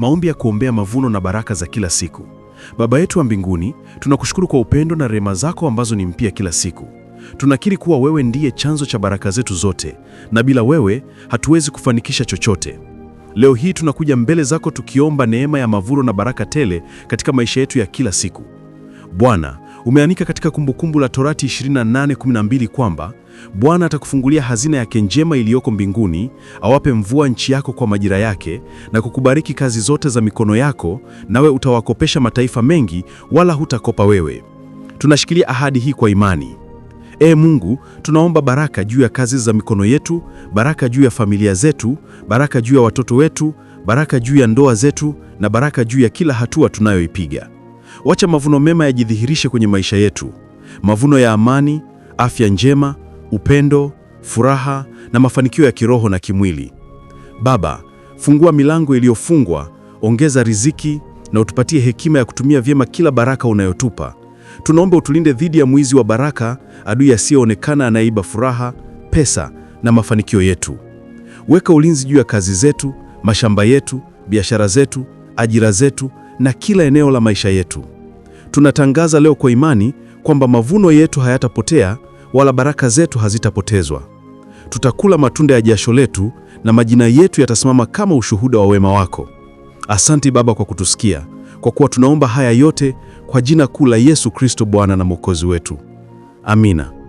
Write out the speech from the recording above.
maombi ya kuombea mavuno na baraka za kila siku. Baba yetu wa mbinguni, tunakushukuru kwa upendo na rehema zako ambazo ni mpya kila siku. Tunakiri kuwa wewe ndiye chanzo cha baraka zetu zote, na bila wewe hatuwezi kufanikisha chochote. Leo hii tunakuja mbele zako tukiomba neema ya mavuno na baraka tele katika maisha yetu ya kila siku. Bwana, umeanika katika Kumbukumbu la Torati 28:12 kwamba Bwana atakufungulia hazina yake njema iliyoko mbinguni, awape mvua nchi yako kwa majira yake, na kukubariki kazi zote za mikono yako, nawe utawakopesha mataifa mengi, wala hutakopa wewe. Tunashikilia ahadi hii kwa imani. Ee Mungu, tunaomba baraka juu ya kazi za mikono yetu, baraka juu ya familia zetu, baraka juu ya watoto wetu, baraka juu ya ndoa zetu, na baraka juu ya kila hatua tunayoipiga. Wacha mavuno mema yajidhihirishe kwenye maisha yetu, mavuno ya amani, afya njema, upendo, furaha na mafanikio ya kiroho na kimwili. Baba, fungua milango iliyofungwa, ongeza riziki na utupatie hekima ya kutumia vyema kila baraka unayotupa. Tunaomba utulinde dhidi ya mwizi wa baraka, adui asiyeonekana anaiba furaha, pesa na mafanikio yetu. Weka ulinzi juu ya kazi zetu, mashamba yetu, biashara zetu, ajira zetu na kila eneo la maisha yetu. Tunatangaza leo kwa imani kwamba mavuno yetu hayatapotea wala baraka zetu hazitapotezwa. Tutakula matunda ya jasho letu na majina yetu yatasimama kama ushuhuda wa wema wako. Asanti Baba kwa kutusikia, kwa kuwa tunaomba haya yote kwa jina kuu la Yesu Kristo Bwana na Mwokozi wetu. Amina.